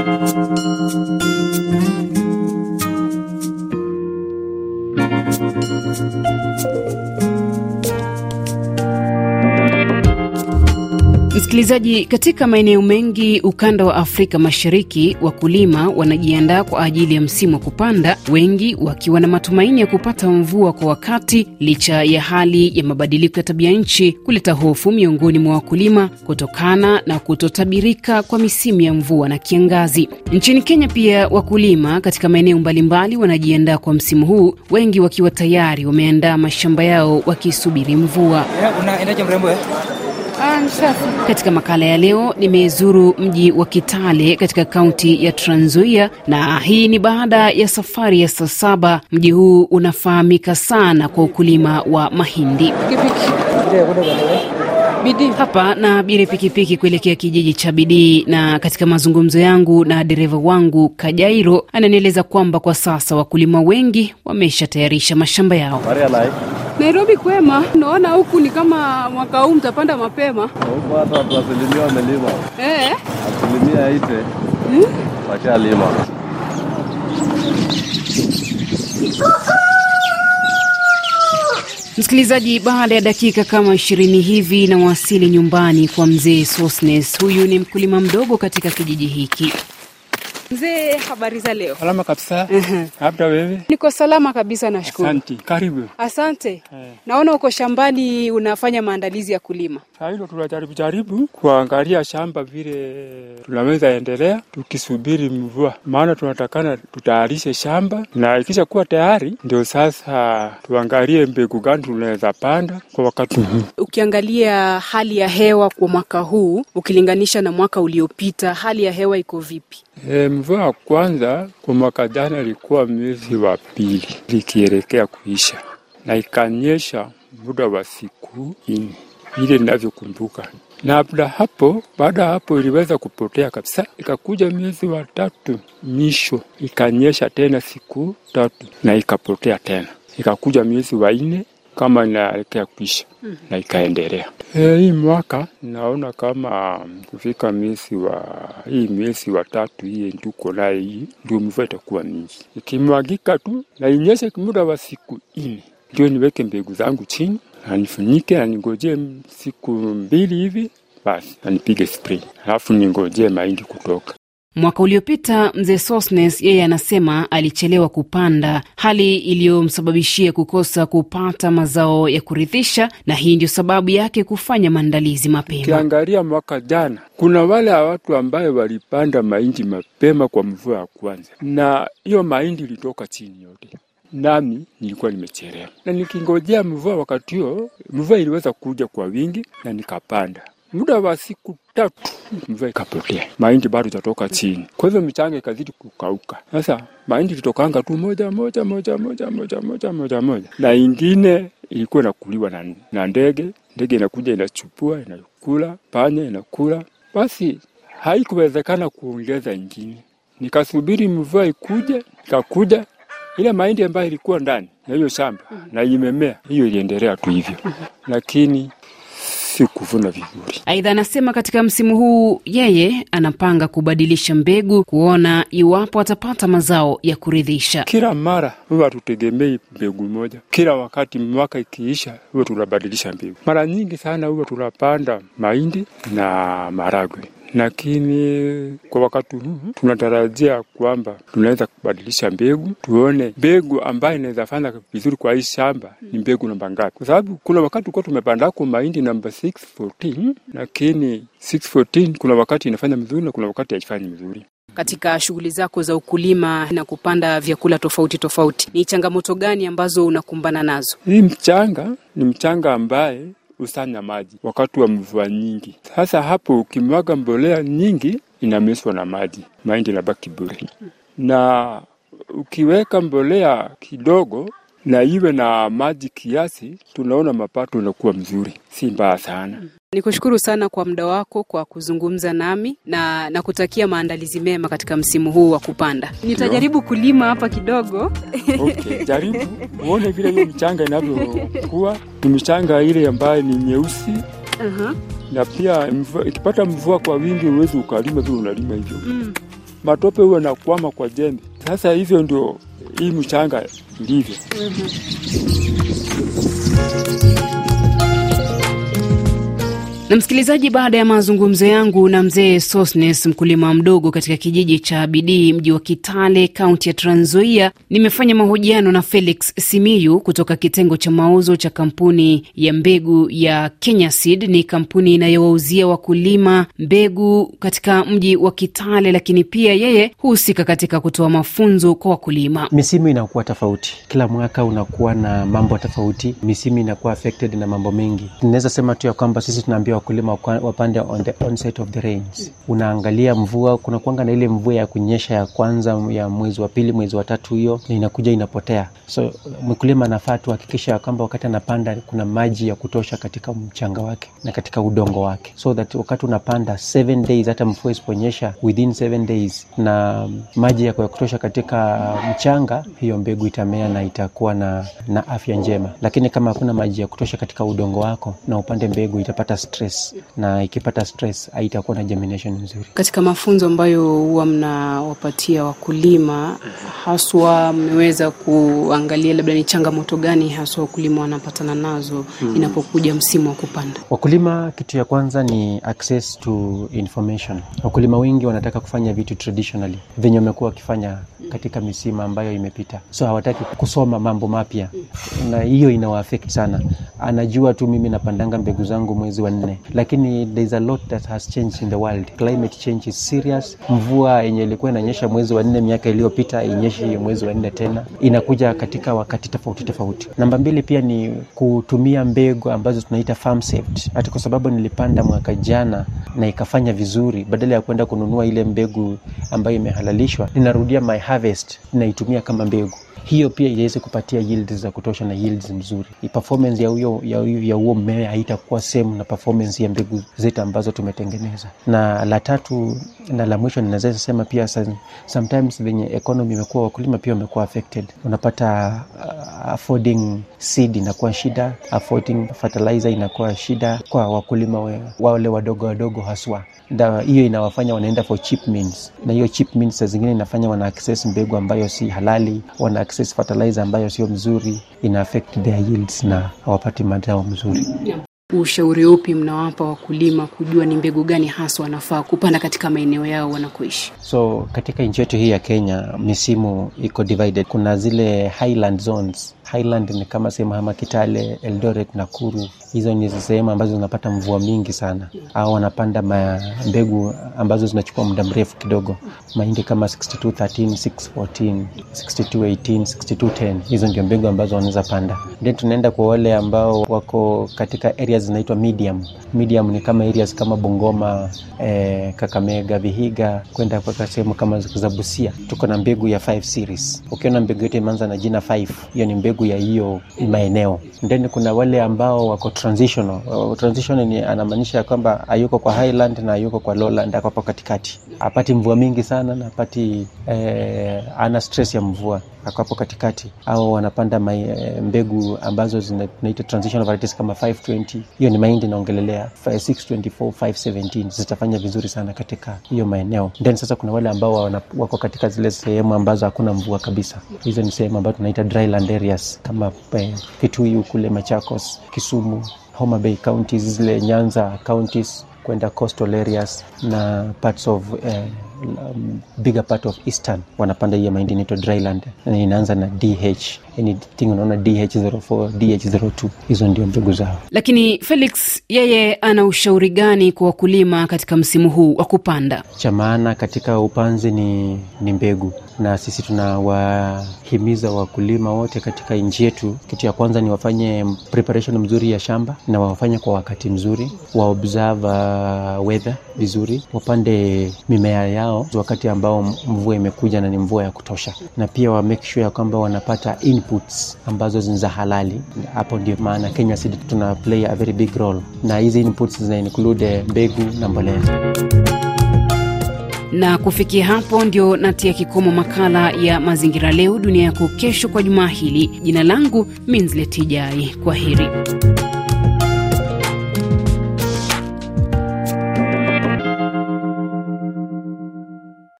Thank you. Msikilizaji, katika maeneo mengi ukanda wa Afrika Mashariki, wakulima wanajiandaa kwa ajili ya msimu wa kupanda, wengi wakiwa na matumaini ya kupata mvua kwa wakati, licha ya hali ya mabadiliko ya tabia nchi kuleta hofu miongoni mwa wakulima kutokana na kutotabirika kwa misimu ya mvua na kiangazi. Nchini Kenya pia wakulima katika maeneo mbalimbali wanajiandaa kwa msimu huu, wengi wakiwa tayari wameandaa mashamba yao wakisubiri mvua. Katika makala ya leo nimezuru mji wa Kitale katika kaunti ya Trans Nzoia, na hii ni baada ya safari ya saa saba. Mji huu unafahamika sana kwa ukulima wa mahindi. Bidii hapa na abiria pikipiki kuelekea kijiji cha Bidii, na katika mazungumzo yangu na dereva wangu Kajairo ananieleza kwamba kwa sasa wakulima wengi wameshatayarisha mashamba yao. Nairobi kwema, naona huku ni kama mwaka huu mtapanda mapema asilimia wamelima eh? asilimia ite hmm? washalima Msikilizaji, baada ya dakika kama ishirini hivi wasili nyumbani kwa mzee Sosnes. Huyu ni mkulima mdogo katika kijiji hiki. Mzee, habari za leo? Salama kabisa. Labda wewe? Niko salama kabisa, nashukuru. Asante. Karibu. Asante. Eh. Naona uko shambani unafanya maandalizi ya kulima. Sasa hilo tunajaribu jaribu kuangalia shamba vile tunaweza endelea tukisubiri mvua, maana tunatakana tutayarishe shamba na ikisha kuwa tayari ndio sasa tuangalie mbegu gani tunaweza panda kwa wakati huu. Mhm. Ukiangalia hali ya hewa kwa mwaka huu ukilinganisha na mwaka uliopita, hali ya hewa iko vipi? Um, mvua ya kwanza kwa mwaka jana ilikuwa mwezi wa pili likielekea kuisha, na ikanyesha muda wa siku ini vile ninavyokumbuka. Na labda hapo, baada ya hapo iliweza kupotea kabisa. Ikakuja mwezi wa tatu mwisho, ikanyesha tena siku tatu na ikapotea tena. Ikakuja mwezi wa nne kama inaelekea kuisha mm -hmm. na ikaendelea. E, hii mwaka naona kama kufika miezi wa hii miezi wa tatu hii nduko naye hii ndio mvua itakuwa mingi, ikimwagika tu na inyeshe muda wa siku ine ndio niweke mbegu zangu chini na nifunike na ningojee siku mbili hivi basi na nipige alafu ningojee mahindi kutoka. Mwaka uliopita mzee Sosnes yeye anasema alichelewa kupanda, hali iliyomsababishia kukosa kupata mazao ya kuridhisha, na hii ndio sababu yake kufanya maandalizi mapema. Ukiangalia mwaka jana, kuna wale watu ambayo walipanda mahindi mapema kwa mvua ya kwanza, na hiyo mahindi ilitoka chini yote nami nilikuwa nimechelewa na nikingojea mvua. Wakati huo mvua iliweza kuja kwa wingi na nikapanda muda wa siku tatu mvua ikapotea, mahindi bado itatoka chini. Kwa hivyo michanga ikazidi kukauka. Sasa mahindi litokanga tu moja moja moja moja moja moja moja moja, na ingine ilikuwa inakuliwa na, na ndege. Ndege inakuja inachupua, inakula, panya inakula. Basi haikuwezekana kuongeza ingine, nikasubiri mvua ikuje, ikakuja ile mahindi ambayo ilikuwa ndani na hiyo shamba mm. na imemea, hiyo iliendelea tu hivyo, mm-hmm. lakini si kuvuna vizuri. Aidha, anasema katika msimu huu yeye anapanga kubadilisha mbegu kuona iwapo atapata mazao ya kuridhisha. Kila mara huwa hatutegemei mbegu moja, kila wakati mwaka ikiisha huwa tunabadilisha mbegu. Mara nyingi sana huwa tunapanda mahindi na maragwe lakini kwa wakati huu tunatarajia kwamba tunaweza kubadilisha mbegu, tuone mbegu ambayo inaweza fanya vizuri kwa hii shamba ni mbegu namba ngapi, kwa sababu kuna wakati ukuwa tumepandako mahindi namba 614 lakini 614 kuna wakati inafanya mzuri na kuna wakati haifanyi mzuri. Katika shughuli zako za ukulima na kupanda vyakula tofauti tofauti, ni changamoto gani ambazo unakumbana nazo? Hii mchanga ni mchanga ambaye usanya maji wakati wa mvua nyingi. Sasa hapo ukimwaga mbolea nyingi inameswa na maji, mahindi inabaki bure. Na ukiweka mbolea kidogo na iwe na maji kiasi, tunaona mapato unakuwa mzuri, si mbaya sana. Nikushukuru sana kwa muda wako kwa kuzungumza nami na nakutakia maandalizi mema katika msimu huu wa kupanda. Nitajaribu kulima hapa kidogo. Okay, jaribu uone vile hiyo michanga inavyokuwa. Ni michanga ile ambayo ni nyeusi. Uh-huh. Na pia mvua, ikipata mvua kwa wingi uwezi ukalima vile unalima hivyo. Mm. Matope huwa nakwama kwa jembe. Sasa hivyo ndio hii mchanga ilivyo. Mm-hmm. Na msikilizaji, baada ya mazungumzo yangu na mzee Sosnes, mkulima mdogo katika kijiji cha Bidii, mji wa Kitale, kaunti ya Trans Nzoia, nimefanya mahojiano na Felix Simiyu kutoka kitengo cha mauzo cha kampuni ya mbegu ya Kenya Seed. Ni kampuni inayowauzia wakulima mbegu katika mji wa Kitale, lakini pia yeye huhusika katika kutoa mafunzo kwa wakulima. Misimu inakuwa tofauti, kila mwaka unakuwa na mambo tofauti, misimu inakuwa affected na mambo mengi. Ninaweza sema tu ya kwamba sisi tunaambiwa wakulima wapande on the onset of the rains. Unaangalia mvua, kuna kuanga na ile mvua ya kunyesha ya kwanza ya mwezi wa pili, mwezi wa tatu, hiyo inakuja inapotea. So mkulima anafaa hakikisha kwamba wakati anapanda kuna maji ya kutosha katika mchanga wake na katika udongo wake, so that wakati unapanda seven days, hata mvua isiponyesha within seven days na maji yako ya kutosha katika mchanga, hiyo mbegu itamea na itakuwa na, na afya njema. Lakini kama hakuna maji ya kutosha katika udongo wako na upande mbegu itapata stress stress, na ikipata stress haitakuwa na germination nzuri. Katika mafunzo ambayo huwa mnawapatia wakulima, haswa mmeweza kuangalia labda ni changamoto gani haswa wakulima wanapatana nazo hmm. inapokuja msimu wa kupanda? Wakulima, kitu ya kwanza ni access to information. Wakulima wengi wanataka kufanya vitu traditionally venye wamekuwa wakifanya katika misima ambayo imepita, so hawataki kusoma mambo mapya, na hiyo inawa sana. Anajua tu mimi napandanga mbegu zangu mwezi wa nne, lakini there is a lot that has changed in the world. Climate change is serious. Mvua yenye ilikuwa inanyesha mwezi wa nne miaka iliyopita inyeshi mwezi wa nne tena, inakuja katika wakati tofauti tofauti. Namba mbili pia ni kutumia mbegu ambazo tunaita farm saved. Hata kwa sababu nilipanda mwaka jana na ikafanya vizuri, badala ya kwenda kununua ile mbegu ambayo imehalalishwa, ninarudia my harvest, ninaitumia kama mbegu hiyo pia iweze kupatia yields za kutosha na yields mzuri. Performance ya huyo ya huyo ya huo mmea haitakuwa same na performance ya mbegu zetu ambazo tumetengeneza. Na la tatu na la mwisho ninaweza sema pia sometimes venye economy imekuwa, wakulima pia wamekuwa affected. Unapata uh, affording seed inakuwa shida, affording fertilizer inakuwa shida kwa wakulima wa wale wadogo wadogo haswa. Na Hiyo inawafanya wanaenda for cheap means, na hiyo cheap means zingine inafanya wana access mbegu ambayo si halali, wana access fertilizer ambayo sio mzuri ina affect their yields na hawapati mazao mzuri. Ushauri upi mnawapa wakulima kujua ni mbegu gani hasa wanafaa kupanda katika maeneo yao wanakoishi? So katika nchi yetu hii ya Kenya misimu iko divided. Kuna zile highland zones. Highland ni kama sehemu kama Kitale, Eldoret, Nakuru. Hizo ni sehemu ambazo zinapata mvua mingi sana, au wanapanda mbegu ambazo zinachukua muda mrefu kidogo, mahindi kama 6213, 614, 6218, 6210. Hizo ndio mbegu ambazo wanaweza panda. Then tunaenda kwa wale ambao wako katika area areas zinaitwa medium. Medium ni kama areas kama Bungoma, eh, Kakamega, Vihiga kwenda kwa sehemu kama za Busia. Tuko na mbegu ya 5 series. Ukiona mbegu yote imeanza na jina 5, hiyo ni mbegu ya hiyo maeneo. Then kuna wale ambao wako transitional. Uh, transitional ni anamaanisha kwamba hayuko kwa highland na hayuko kwa lowland, hapo katikati. apati mvua mingi sana na apati eh, ana stress ya mvua hapo katikati, au wanapanda mai, eh, mbegu ambazo zinaitwa transitional varieties kama 520. Hiyo ni mahindi naongelelea 624, 517 zitafanya vizuri sana katika hiyo maeneo. Then sasa kuna wale ambao wako katika zile sehemu ambazo hakuna mvua kabisa, hizo ni sehemu ambazo tunaita dryland areas kama eh, Kitui kule Machakos, Kisumu, Homa Bay counties, zile Nyanza counties kwenda coastal areas na parts of eh, Um, bigger part of eastern wanapanda hiyo mahindi inaitwa dryland, inaanza na DH anything unaona DH04, DH02, hizo ndio mbegu zao. Lakini Felix yeye ana ushauri gani kwa wakulima katika msimu huu wa kupanda? Cha maana katika upanzi ni, ni mbegu na sisi tunawahimiza wakulima wote katika nchi yetu, kitu ya kwanza ni wafanye preparation mzuri ya shamba na wafanye kwa wakati mzuri, wa observe uh, weather vizuri, wapande mimea yao wakati ambao mvua imekuja na ni mvua ya kutosha, na pia wa make sure ya kwamba wanapata input inputs ambazo ni za halali. Hapo ndio maana Kenya sid tuna play a very big role, na hizi inputs zina include mbegu na mbolea na kufikia hapo ndio natia kikomo makala ya mazingira leo dunia yako kesho kwa jumaa hili. Jina langu Minzletijai, kwa heri.